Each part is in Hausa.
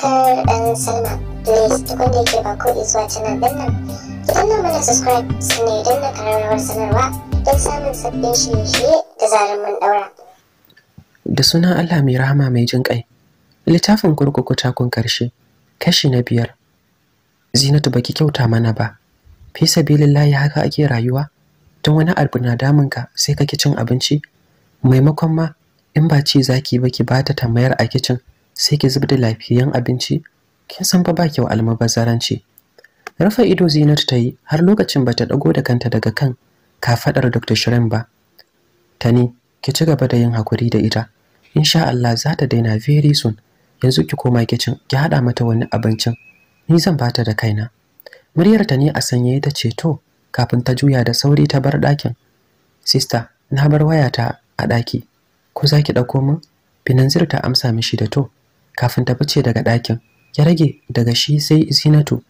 subscribe and sign up. Please tukun da yake ba ko zuwa canal din nan. Ki danna mana subscribe sannan idan na kararrawar sanarwa don samun sabbin shirye-shirye da zarar mun daura. Da sunan Allah mai rahama mai jin ƙai. Littafin kurkuku takun karshe, kashi na biyar. Zinatu baki kyauta mana ba. Fi sabilillahi haka ake rayuwa. Tun wani abu na damun ka, sai kake cin abinci maimakon ma in ba ci zaki ba ki bata tambayar a kicin sai ki zubda lafiyan abinci kin san fa ba kyau almubazaranci rafa ido zinatu ta yi har lokacin bata dago da kanta daga kan kafadar Dr. Shirin ba tani ki ci gaba da yin hakuri da ita insha Allah za ta daina very soon yanzu ki koma kicin ki hada mata wani abincin ni zan bata da kaina muryar ta ne a sanye ta ce to kafin ta juya da sauri ta bar dakin. sister na bar wayata a daki. ko zaki ki ɗauko min Binanzir ta amsa mishi da to kafin ta fice daga ɗakin ya rage daga shi sai zinatu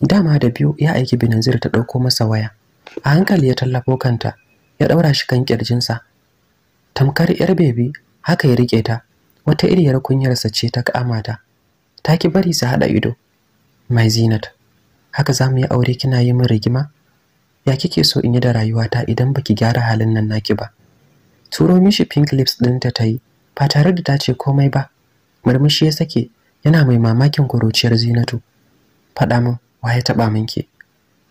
dama da biyu ya aiki binanzir ta ɗauko masa waya a hankali ya tallafo kanta ya ɗaura shi kan ƙirjinsa tamkar yar bebi haka ya riƙe ta wata iriyar kunyarsa ce ta kama ta ta ki bari su haɗa ido mai zinat haka za mu yi aure kina yi min rigima ya kike so in yi da rayuwata idan baki gyara halin nan naki ba turo mishi pink lips ɗinta ta yi ba tare da ta ce komai ba murmushi ya sake yana mai mamakin kuruciyar Zinatu faɗa min wa ya taɓa min ke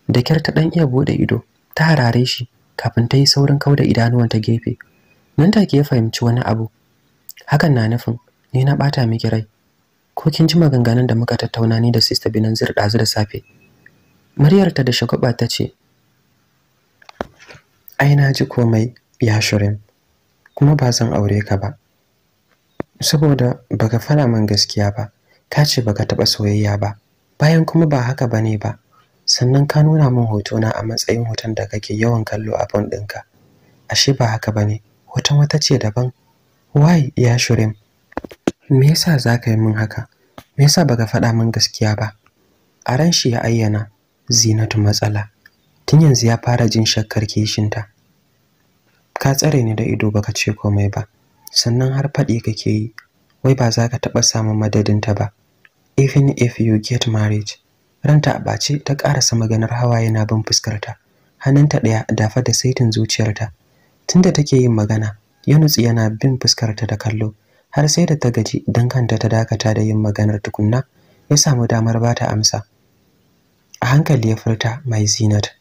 da kyar ta ɗan iya buɗe ido ta harare shi kafin ta yi saurin kauda idanuwan ta gefe nan take ya fahimci wani abu hakan na nufin ni na ɓata miki rai ko kin ji maganganun da muka tattauna ni da Sista Binanzir ɗazu da safe muryar ta da shagwaba ta ce ai na ji komai ya shirin kuma ba zan aure ka ba saboda baka fara man gaskiya ba ka ce baka taɓa soyayya ba bayan kuma ba haka bane ba sannan ka nuna min hoto na a matsayin hoton da kake yawan kallo a fon ɗinka ashe ba haka bane hoton wata ce daban why ya shurim me yasa za ka yi min haka me yasa baka faɗa min gaskiya ba a ran shi ya ayyana zinatu matsala tun yanzu ya fara jin shakkar kishinta ka tsare ni da ido baka ce komai ba sannan har faɗi kake yi wai ba za ka taɓa samun madadinta ba even if you get married ranta a ɓace ta ƙarasa maganar hawaye na bin fuskarta hannunta ɗaya dafa da saitin zuciyarta tunda take yin magana ya nutsu yana bin fuskarta da kallo har sai da ta gaji don kanta ta dakata da yin maganar tukunna ya samu damar ba ta amsa a hankali ya furta mai zinat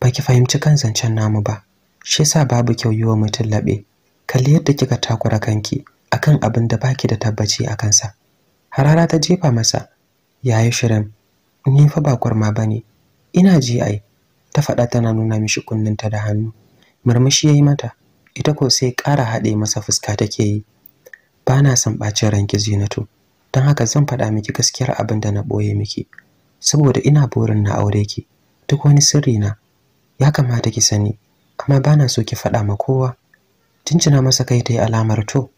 ba ki fahimci kan zancen namu ba shi sa babu kyau yi wa mutum laɓe kalli yadda kika takura kanki akan abin da baki da tabbaci a kansa harara ta jefa masa yayi shirin ni fa ba kwarma bane ina ji ai ta faɗa tana nuna mishi kunninta da hannu murmushi yayi mata ita ko sai ƙara haɗe masa fuska take yi ba na son ɓacin ranki zinatu don haka zan faɗa miki gaskiyar abin da na ɓoye miki saboda ina burin na aure ki duk wani sirri na ya kamata ki sani amma ba na so ki faɗa ma kowa tuncina masa kai ta yi alamar to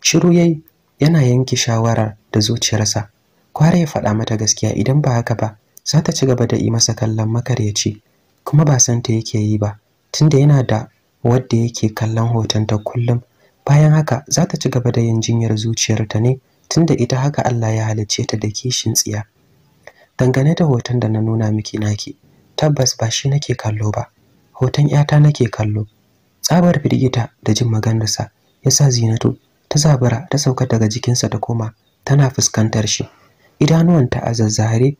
shiru yayi yana yanke shawarar da zuciyarsa kware ya faɗa mata gaskiya idan ba haka ba za ta ci gaba da yi masa kallon makaryaci kuma ba san ta yake yi ba tunda yana da wadda yake kallon hotonta kullum bayan haka za ta ci gaba da yin jinyar zuciyarta ne tunda ita haka Allah ya halicce ta da kishin tsiya dangane da hoton da na nuna miki naki tabbas ba shi nake kallo ba hoton 'yata nake kallo tsabar firgita da jin maganarsa ya sa zinatu ta zabara ta sauka daga jikinsa ta koma tana fuskantar shi idanuwanta a zazzare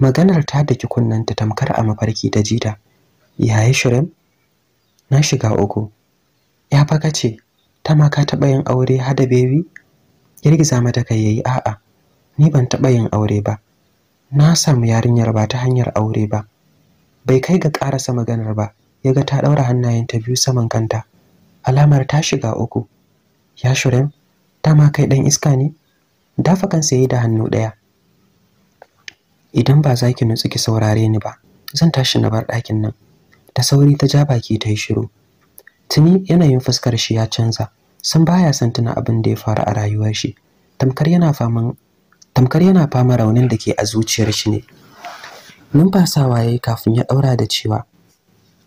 maganar ta daki kunnanta tamkar a mafarki ta jita yayi shirin na shiga uku ya faka ce ta ma ka taɓa yin aure hada bebi girgiza mata kai yayi a'a ni ban taɓa yin aure ba na samu yarinyar ba ta hanyar aure ba bai kai ga ƙarasa maganar ba Yaga ga ta ɗaura ta biyu saman kanta alamar ta shiga uku ya shurem ma kai ɗan iska ne dafa kansa yayi da hannu ɗaya idan ba za ki nutsu ki saurare ni ba zan tashi na bar ɗakin nan da sauri ta ja baki ta yi shiru tuni yanayin fuskar shi ya canza san baya son tuna abin da ya faru a rayuwar shi tamkar yana faman tamkar yana fama raunin da ke a zuciyar shi ne numfasawa yayi kafin ya ɗaura da cewa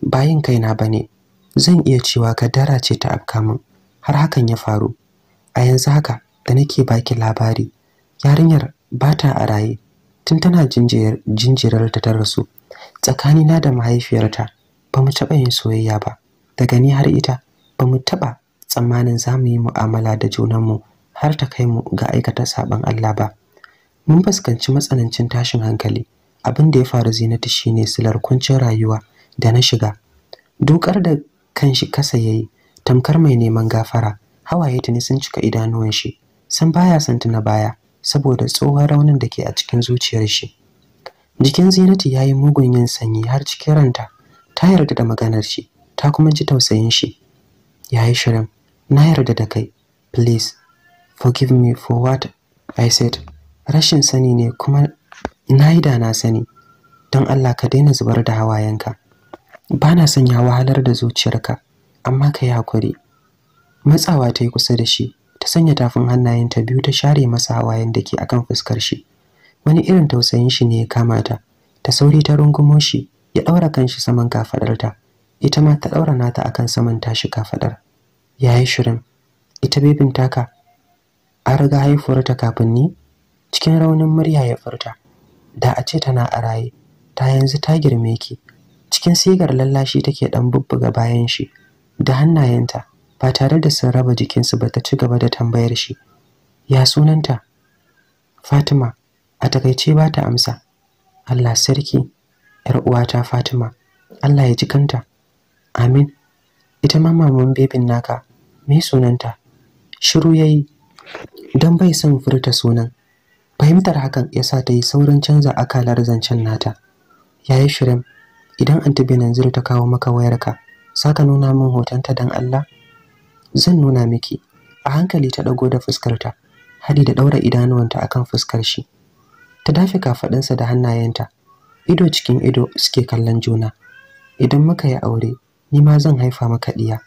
bayin kaina ba ne zan iya cewa kadara ce ta afka min har hakan ya faru a yanzu haka da nake baki labari yarinyar ba ta a raye tun tana jinjirar ta rasu tsakanina da mahaifiyarta ba mu taɓa yin soyayya ba daga ni har ita ba mu taɓa tsammanin za mu yi mu'amala da junanmu har ta kai mu ga aikata saɓon Allah ba mun fuskanci matsanancin tashin hankali abin da ya faru zinatu shine silar kuncin rayuwa da na shiga dukar da kanshi kasa yayi tamkar mai neman gafara hawaye tuni sun cika idanuwan shi san baya san na baya saboda tsohon raunin da ke a cikin zuciyar shi jikin Zinatu yayi mugun yin sanyi har cikin ranta ta yarda da maganar shi ta kuma ji tausayin shi yayi shirin na yarda da kai please forgive me for what i said rashin sani ne kuma na yi da na sani don Allah ka daina zubar da hawayenka ba na son ya wahalar da zuciyarka amma ka yi hakuri matsawa ta yi kusa da shi ta sanya tafin hannayenta biyu ta share masa hawayen da ke akan fuskar shi wani irin tausayin shi ne ya kama ta ta sauri ta rungumo shi ya ɗaura kanshi saman kafaɗarta ita ma ta ɗaura nata akan saman tashi kafaɗar yayi shirin ita bebin taka an riga haifuwarta kafin ni cikin raunin murya ya furta da a ce tana a raye ta yanzu ta girme ki cikin sigar lallashi take dan bubbuga bayan shi da hannayenta ba tare da sun raba jikinsu ba ta ci gaba da tambayar shi ya sunanta Fatima a takaice ba ta amsa Allah sarki yar uwata Fatima Allah ya ji kanta amin ita ma maman bebin naka me sunanta shiru yayi Don bai son furta sunan fahimtar hakan ya sa ta yi saurin canza akalar zancen nata yayi shirin idan anti Benanzir ta kawo maka wayarka saka nuna min hotonta dan Allah zan nuna miki a hankali ta dago da fuskarta hadi da daura idanuwanta akan fuskar shi ta dafe kafaɗinsa da hannayenta ido cikin ido suke kallon juna idan muka yi aure ni ma zan haifa maka diya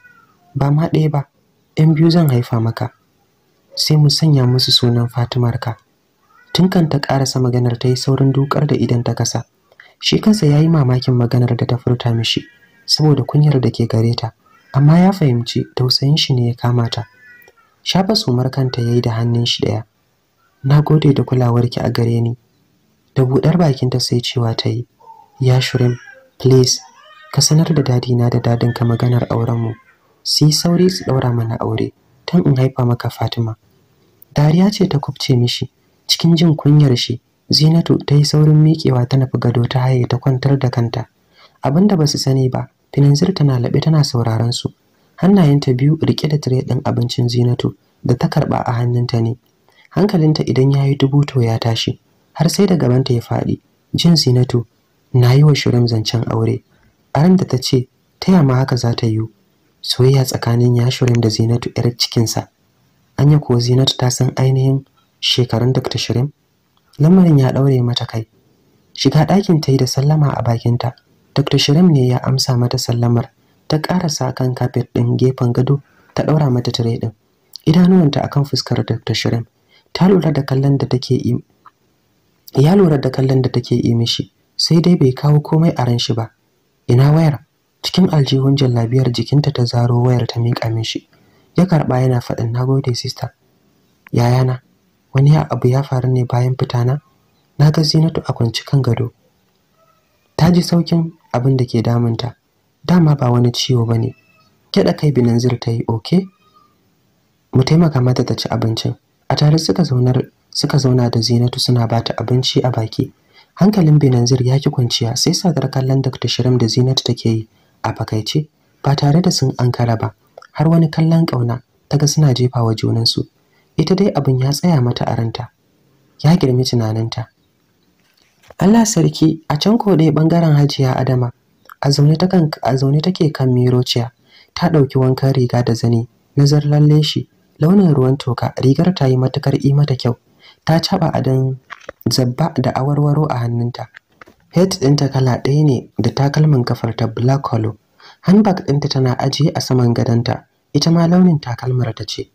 ba ma ɗaya ba ɗan biyu zan haifa maka sai mu sanya musu sunan Fatimarka tun kan ta ƙarasa maganar ta yi saurin dukar da idan ta kasa shi kansa ya yi mamakin maganar da ta furta mishi saboda kunyar da ke gare ta amma ya fahimci tausayin shi ne ya kama ta shafa sumar kanta ya yi da hannun shi ɗaya na gode da kulawarki a gare ni da buɗar bakinta sai cewa ta yi ya shirin please ka sanar da dadina da ka maganar aurenmu su yi sauri su ɗaura mana aure tun in haifa maka fatima dariya ce ta kubce mishi cikin jin kunyar shi Zinatu ta yi saurin miƙewa ta nufi gado ta haye ta kwantar da kanta. Abin da ba su sani ba, Finanzir tana laɓe tana sauraron su. Hannayenta biyu riƙe da tire ɗin abincin Zinatu da ta karɓa a hannunta ne. Hankalinta idan ya yi dubu to ya tashi, har sai da gabanta ya faɗi. Jin Zinatu na yi wa shirin zancen aure. Aran da ta ce, ta ma haka za ta yiwu. Soyayya tsakanin ya shirin da Zinatu 'yar cikinsa. Anya ko Zinatu ta san ainihin shekarun Dr. shirim. lamarin ya ɗaure mata kai shiga ɗakin ta yi da sallama a bakinta dr shirim ne ya amsa mata sallamar ta ƙarasa kan kafet ɗin gefen gado ta ɗaura mata tire ɗin idanuwanta akan fuskar dr shirim ta lura da kallon da take yi ya lura da kallon da take yi mishi sai dai bai kawo komai a ran shi ba ina wayar cikin aljihun jallabiyar jikinta ta zaro wayar ta miƙa mishi ya karɓa yana faɗin nagode sista yayana wani abu ya faru ne bayan fitana na ga zinatu a kwanci kan gado ta ji saukin abin da ke damunta dama ba wani ciwo ba ne gyaɗa kai binanzir ta yi oke mu taimaka mata ta ci abincin a tare suka zauna da zinatu suna ba ta abinci a baki hankalin binanzir ya ki kwanciya sai sadar kallon dr shirim da zinatu take yi a fakaice ba tare da sun ankara ba har wani kallon ƙauna ta ga suna jefa wa junansu ita dai abin ya tsaya mata a ranta ya girmi tunaninta Allah sarki a can ko dai bangaren Hajiya Adama a zaune ta kan a zaune take kan mirociya ta dauki wankan riga da zani nazar lalle shi launin ruwan toka rigar ta yi matukar yi mata kyau ta caba adan zabba da awarwaro a hannunta head ɗinta kala ɗaya ne da takalmin kafar ta black hollow handbag ɗinta tana ajiye a saman ta, ita ma launin takalmar ta ce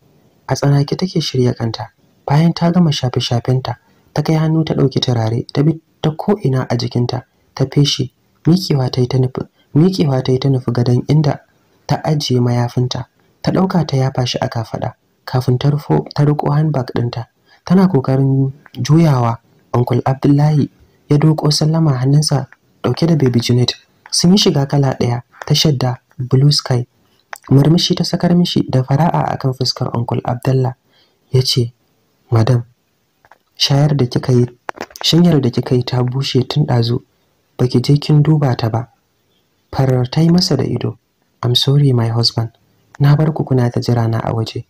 a tsanake take shirya kanta bayan ta gama shafe-shafenta ta kai hannu ta ɗauki turare ta bi ta ko'ina a jikinta ta feshi miƙewa ta yi ta nufi mikewa ta yi ta nufi gadon inda ta ajiye mayafinta ta ɗauka ta yafa shi a kafaɗa kafin ta rufo ta riko handbag ɗinta tana kokarin juyawa Uncle Abdullahi ya doko sallama hannunsa Dauke da baby Junet sun yi shiga kala ɗaya ta shadda blue sky murmushi ta sakar mishi da fara'a akan fuskar uncle abdullah ya ce madam shayar da kika yi shanyar da kika yi ta bushe tun ɗazu baki je kin duba ta ba farar ta yi masa da ido i'm sorry my husband na bar ku kuna ta jira na a waje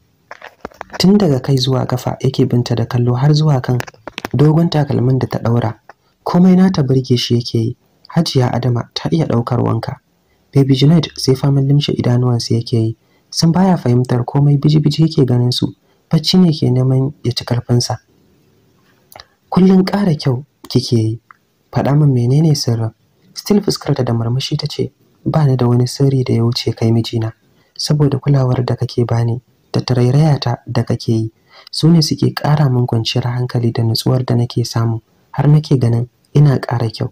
tun daga kai zuwa kafa yake binta da kallo har zuwa kan dogon takalmin da ta ɗaura komai na ta burge shi yake yi hajiya adama ta iya ɗaukar wanka Baby Janet sai faman limshe idanuwansa yake yi. Sun baya fahimtar komai biji-biji yake ganin su. Bacci ne ke neman ya ci karfinsa. Kullum ƙara kyau kike yi. Faɗa min menene sirrin? Still fuskarta da murmushi ta ce, ba ni da wani sirri da ya wuce kai mijina, saboda kulawar da kake bani da ta da kake yi. Su ne suke ƙara min kwanciyar hankali da nutsuwar da nake samu, har nake ganin ina ƙara kyau.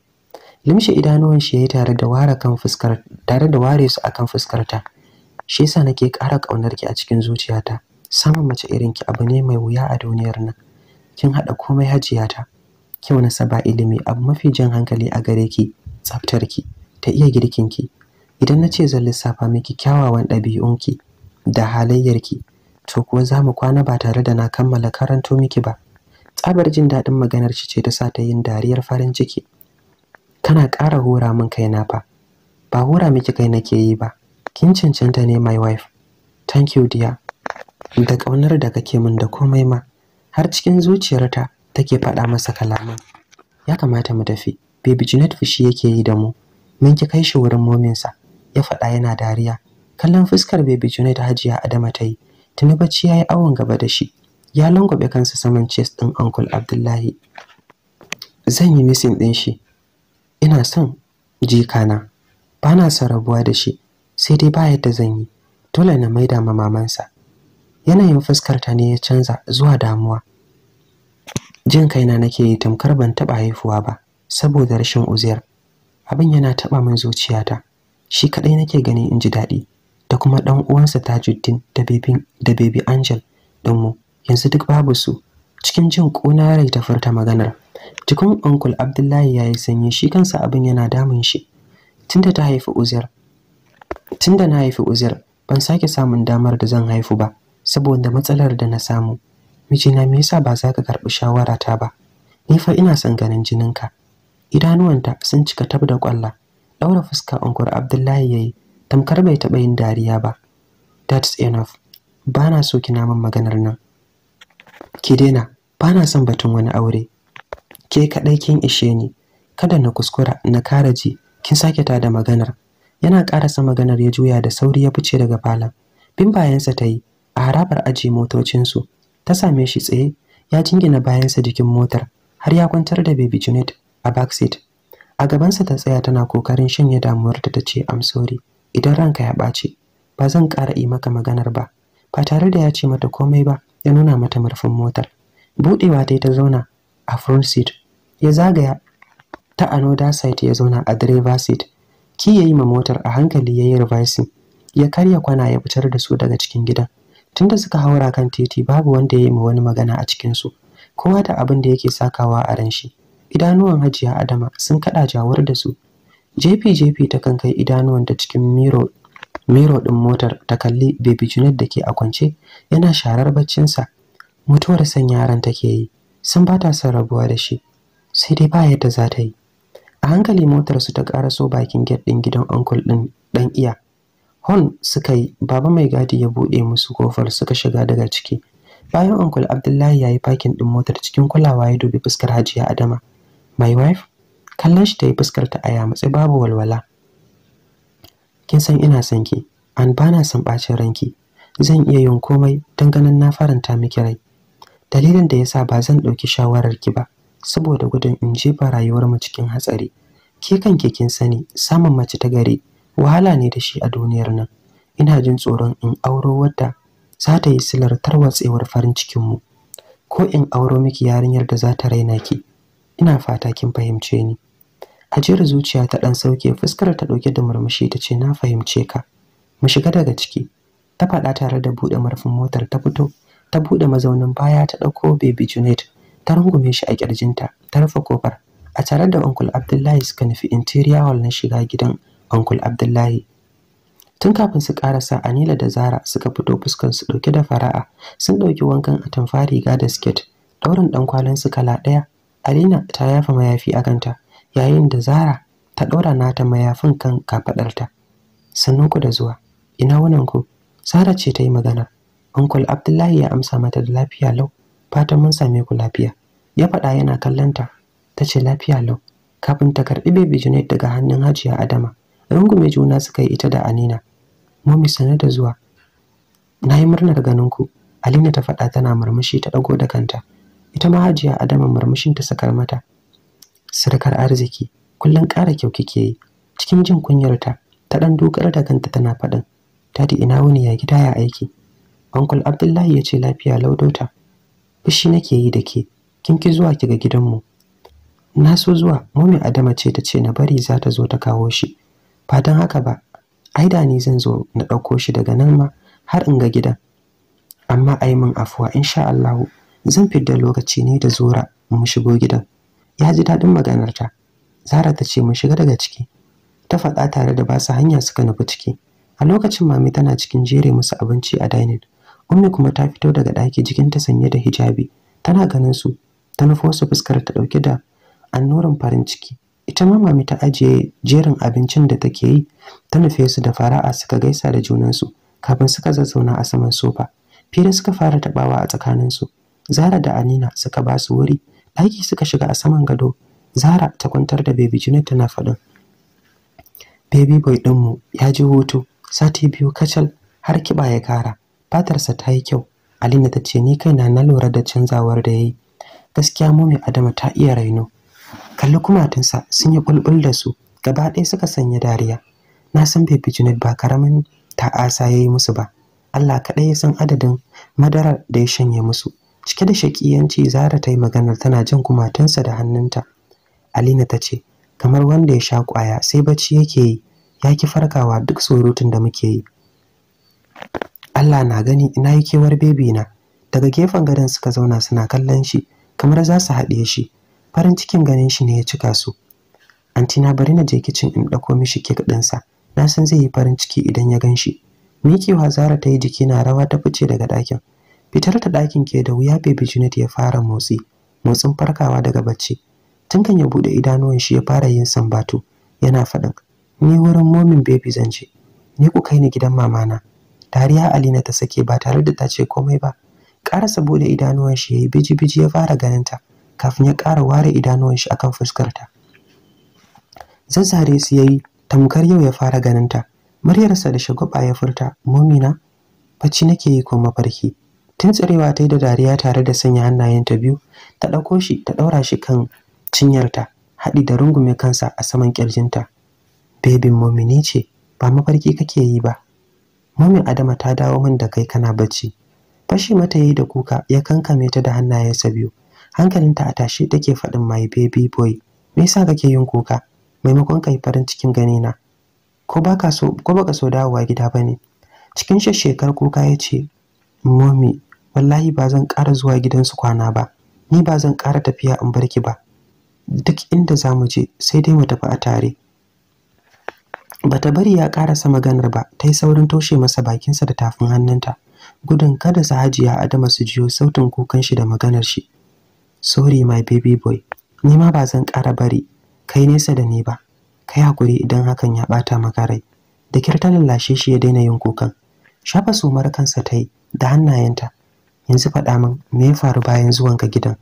limshe idanuwan shi yayi tare da ware kan fuskar tare da ware su akan fuskar ta shi yasa nake ƙara ƙaunar ki a cikin zuciyata samun mace irin ki abu ne mai wuya a duniyar nan kin hada komai hajiyata kyau na saba ilimi abu mafi jan hankali a gare ki tsaftar ki ta iya girkin ki idan na ce zan lissafa miki kyawawan ɗabi'un ki da halayyarki to kuwa za mu kwana ba tare da na kammala karanto miki ba tsabar jin daɗin maganar shi ce ta sa ta yin dariyar farin ciki kana ƙara hura min kaina fa ba hura miki kai nake yi ba kin cancanta ne my wife thank you dear da ƙaunar da kake min da komai ma har cikin zuciyarta take faɗa masa kalaman ya kamata mu tafi baby Janet fushi yake yi da mu mun ki kai shi wurin mominsa ya faɗa yana dariya kallon fuskar baby Janet Hajiya Adama ta yi tuni bacci yi awon gaba da shi ya lungube kansa saman chest ɗin Uncle Abdullahi zan yi missing din shi ina son jikana ba na son rabuwa da shi sai dai ba yadda zan yi dole na maida ma mamansa yanayin fuskar ta ne ya canza zuwa damuwa jin kaina nake yi tamkar ban taɓa haifuwa ba saboda rashin uziyar abin yana taɓa min zuciyata shi kaɗai nake gani in ji daɗi da kuma ɗan uwansa tajuddin da da bebi angel ɗinmu yanzu duk babu su cikin jin ƙuna rai ta furta maganar cikin uncle abdullahi ya yi sanyi shi kansa abin yana damun shi tunda ta na haifi uzair ban sake samun damar da zan haifu ba saboda matsalar da na samu mijina me yasa ba za ka karɓi shawarata ba ni fa ina son ganin jininka idanuwanta sun cika tab da kwalla ɗaura fuska unkul abdullahi ya yi tamkar bai taɓa yin dariya ba that's enough bana so kina min maganar nan ki daina ba na son batun wani aure ke kaɗai kin ishe ni kada na kuskura na kara ji kin sake tada maganar yana karasa maganar ya juya da sauri ya fice daga falon bin bayansa ta yi a harabar aji motocinsu ta same shi tsaye ya jingina bayansa jikin motar har ya kwantar da baby Junet a backseat a gabansa ta tsaya tana kokarin shanye damuwar ta ce I'm sorry idan ranka ya ɓace ba zan ƙara yi maka maganar ba ba tare da ya ce mata komai ba ya nuna mata murfin motar budewa ta ta zauna a front seat ya zagaya ta anoda side ya zauna a driver seat ki yayi ma motar a hankali yayi reversing ya karya kwana ya fitar da su daga cikin gida tunda suka haura kan titi babu wanda ya yi ma wani magana a cikin su kowa da abin da yake sakawa a ran shi idanuwan Hajiya Adama sun kada jawar da su jefi jefi ta kan kai idanuwan da cikin miro miro ɗin motar ta kalli baby Junet da ke a kwance yana sharar baccinsa mutuwar san yaran take yi sun bata ta son rabuwa da shi sai dai ba yadda za ta yi a hankali motar su ta karaso bakin get ɗin gidan uncle ɗin ɗan iya hon suka yi baba mai gadi ya buɗe musu kofar suka shiga daga ciki bayan uncle abdullahi ya yi fakin ɗin motar cikin kulawa ya dubi fuskar hajiya adama my wife kallon shi ta yi fuskar ta a matsayi babu walwala kin san ina son ki an bana son bacin ranki zan iya yin komai don ganin na faranta miki rai dalilin da yasa ba zan ɗauki shawarar ki ba saboda gudun in jefa rayuwar mu cikin hatsari ke kanki kin sani samun mace ta gari wahala ne da shi a duniyar nan ina jin tsoron in auro wadda za ta yi silar tarwatsewar farin cikin mu ko in auro miki yarinyar da za ta raina ki ina fata kin fahimce ni ajiyar zuciya ta ɗan sauke fuskar ta ɗauke da murmushi ta ce na fahimce ka mu shiga daga ciki ta faɗa tare da buɗe murfin motar ta fito ta buɗe mazaunin baya ta ɗauko baby Junet ta rungume shi a ƙirjinta, ta rufe kofar a tare da Uncle Abdullahi suka nufi interior hall na shiga gidan Uncle Abdullahi tun kafin su karasa Anila da Zara suka fito fuskar su dauke da fara'a sun ɗauki wankan atamfa riga da skirt ɗaurin dan kwalan su kala ɗaya. Alina ta yafa mayafi a kanta yayin da Zara ta ɗora nata mayafin kan kafaɗarta. Sannan ku da zuwa, ina wannan ku? Zara ce ta yi magana. Uncle Abdullahi ya amsa mata da lafiya lau, Fata mun same ku lafiya. Ya faɗa yana kallonta, ta ce lafiya lau. Kafin ta karɓi Baby Junaid daga hannun Hajiya Adama, rungume juna suka yi ita da Anina. Mummy sanar da zuwa. Na yi murnar ganin ku. Alina ta faɗa tana murmushi ta ɗago da kanta. Ita ma Hajiya Adama murmushin ta sakar mata. sarkar arziki kullum ƙara kyau kike yi cikin jin kunyarta ta ɗan dogara da kanta tana faɗin tadi ina wuni ya gida ya aiki ankul abdullahi ya ce lafiya laudota fushi nake yi da ke kin ki zuwa ki ga gidanmu na so zuwa momi adama ce ta ce na bari za ta zo ta kawo shi ba don haka ba ai da ni zan zo na ɗauko shi daga nan ma har in ga gidan amma ai min afuwa insha Allahu zan fidda lokaci ne da zora mu shigo gidan ya ji daɗin maganarta zara ta ce mu shiga daga ciki ta faɗa tare da basu hanya suka nufi ciki a lokacin mami tana cikin jere musu abinci a dining ummi kuma ta fito daga ɗaki jikin ta sanye da hijabi tana ganin su ta nufo su fuskar ta ɗauke da annoran farin ciki ita ma mami ta ajiye jerin abincin da take yi ta nufe su da fara'a suka gaisa da junansu kafin suka zazzauna a saman sofa fira suka fara taɓawa a tsakaninsu zara da anina suka ba su wuri Daki suka shiga a saman gado zara ta kwantar da baby junet tana faɗin baby boy ɗinmu ya ji hutu sati biyu kacal har kiba ya kara fatarsa ta yi kyau alina ta ce ni kaina na lura da canzawar da ya yi gaskiya mai adama ta iya raino kalli kumatunsa sun yi bulbul da su gaba ɗaya suka sanya dariya na san baby junet ba karamin ta'asa ya yi musu ba Allah kaɗai ya san adadin madarar da ya shanye musu cike da shakiyanci zara ta yi maganar tana jin kumatunsa da hannunta alina ta ce kamar wanda ya sha kwaya sai bacci yake yi ya ki farkawa duk surutun da muke yi allah na gani ina yi kewar bebi na daga gefen gadon suka zauna suna kallon shi kamar za su haɗe shi farin cikin ganin shi ne ya cika su anti na bari na je kicin in ɗauko mishi kek ɗinsa na san zai yi farin ciki idan ya gan shi miƙewa zara ta yi jiki na rawa ta fice daga ɗakin fitar ta ɗakin ke da wuya baby Junet ya fara motsi motsin farkawa daga bacci tun kan ya buɗe idanuwan shi ya fara yin sambatu yana faɗin ni wurin momin baby zan je ni ku kai ni gidan mamana dariya Alina ta sake ba tare da ta ce komai ba ƙarasa buɗe idanuwan shi yayi biji biji ya fara ganin ta kafin ya ƙara ware idanuwan shi akan fuskarta. ta zazzare su yayi tamkar yau ya fara ganin ta muryarsa da shagwaba ya furta momina bacci nake yi ko mafarki tsarewa ta yi da dariya tare da sanya hannayen ta biyu ta ɗauko shi ta ɗaura shi kan cinyarta haɗi da rungume kansa a saman ƙirjinta bebin momini ce ba mafarki kake yi ba momin adama ta dawo min da kai kana bacci fashi mata yi da kuka ya kankame ta da hannayensa biyu hankalinta a tashe take faɗin my baby boy me yasa kake yin kuka maimakon kai farin cikin gani na ko baka so so dawowa gida bane cikin shekar kuka ya ce momi wallahi ba zan ƙara zuwa gidansu kwana ba ni ba zan ƙara tafiya in barki ba duk inda za mu je sai dai mu tafi a tare bata bari ya ƙarasa maganar ba ta yi saurin toshe masa bakinsa da tafin hannunta gudun kada su hajiya adama su jiyo sautin kukan shi da maganar shi sorry my baby boy ni ma ba zan ƙara bari kai nesa da ni ba kai hakuri idan hakan ya ɓata maka rai da kyar ta lallashe shi ya daina yin kukan shafa sumar kansa ta yi da hannayenta yanzu faɗa min me ya faru bayan zuwanka gidan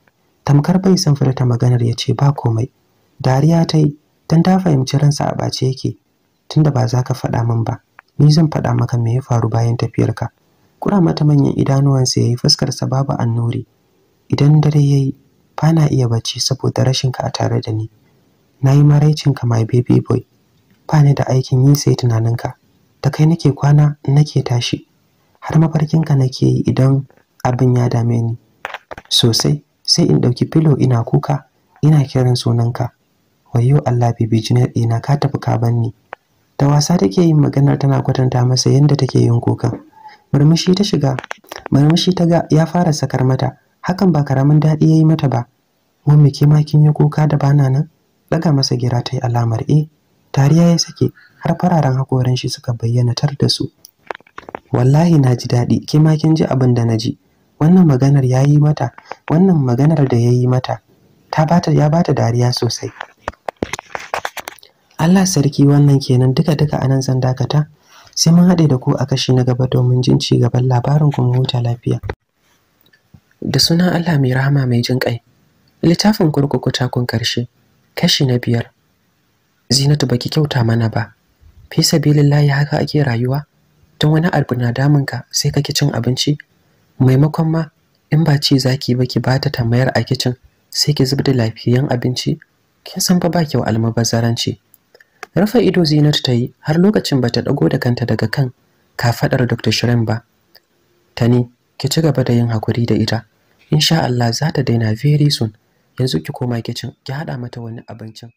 tamkar bai san furta maganar ya ce ba komai dariya ta yi don ta fahimci ransa a ɓace yake tunda ba za ka faɗa min ba ni zan faɗa maka me ya faru bayan tafiyarka kura mata manyan idanuwansa ya yi fuskarsa babu annuri idan dare ya yi ba na iya bacci saboda rashinka a tare da ni na yi maraicinka my baby boy ba ni da aikin yi sai tunaninka da kai nake kwana nake tashi har mafarkinka nake yi idan abin ya dame ni sosai sai in ɗauki filo ina kuka ina kiran sunanka wayo Allah bibi jinar ɗina ka tafi ka banni da wasa take yin maganar tana kwatanta masa yadda take yin kuka. murmushi ta shiga murmushi ta ga ya fara sakar mata hakan ba karamin daɗi ya yi mata ba mummi ke ma kin yi kuka da bana nan daga masa gira ta yi alamar e eh. tariya ya sake har fararen hakoran shi suka bayyana tar da su wallahi na ji daɗi ke ma kin ji abin da na ji wannan maganar ya yi mata wannan maganar da ya yi mata ta bata ya bata dariya sosai Allah sarki wannan kenan duka duka anan zan dakata sai mun haɗe da ku a kashi na gaba domin jin ci gaban labarin kuma huta lafiya da sunan Allah mai rahama mai jin ƙai littafin kurkuku takun karshe kashi na biyar zinatu baki kyauta mana ba fi sabilillahi haka ake rayuwa tun wani abu na damunka sai kake cin abinci maimakon ma in ba ci zaki ba ki bata ta mayar a kicin sai ki zubda lafiyan abinci kin san fa ba kyau almubazzaranci rufe ido Zinatu ta yi har lokacin ba ta dago da kanta daga kan kafadar Dr. Shirin ba Ta tani ki ci gaba da yin hakuri da ita insha Allah za ta daina very soon yanzu ki koma kicin ki haɗa mata wani abincin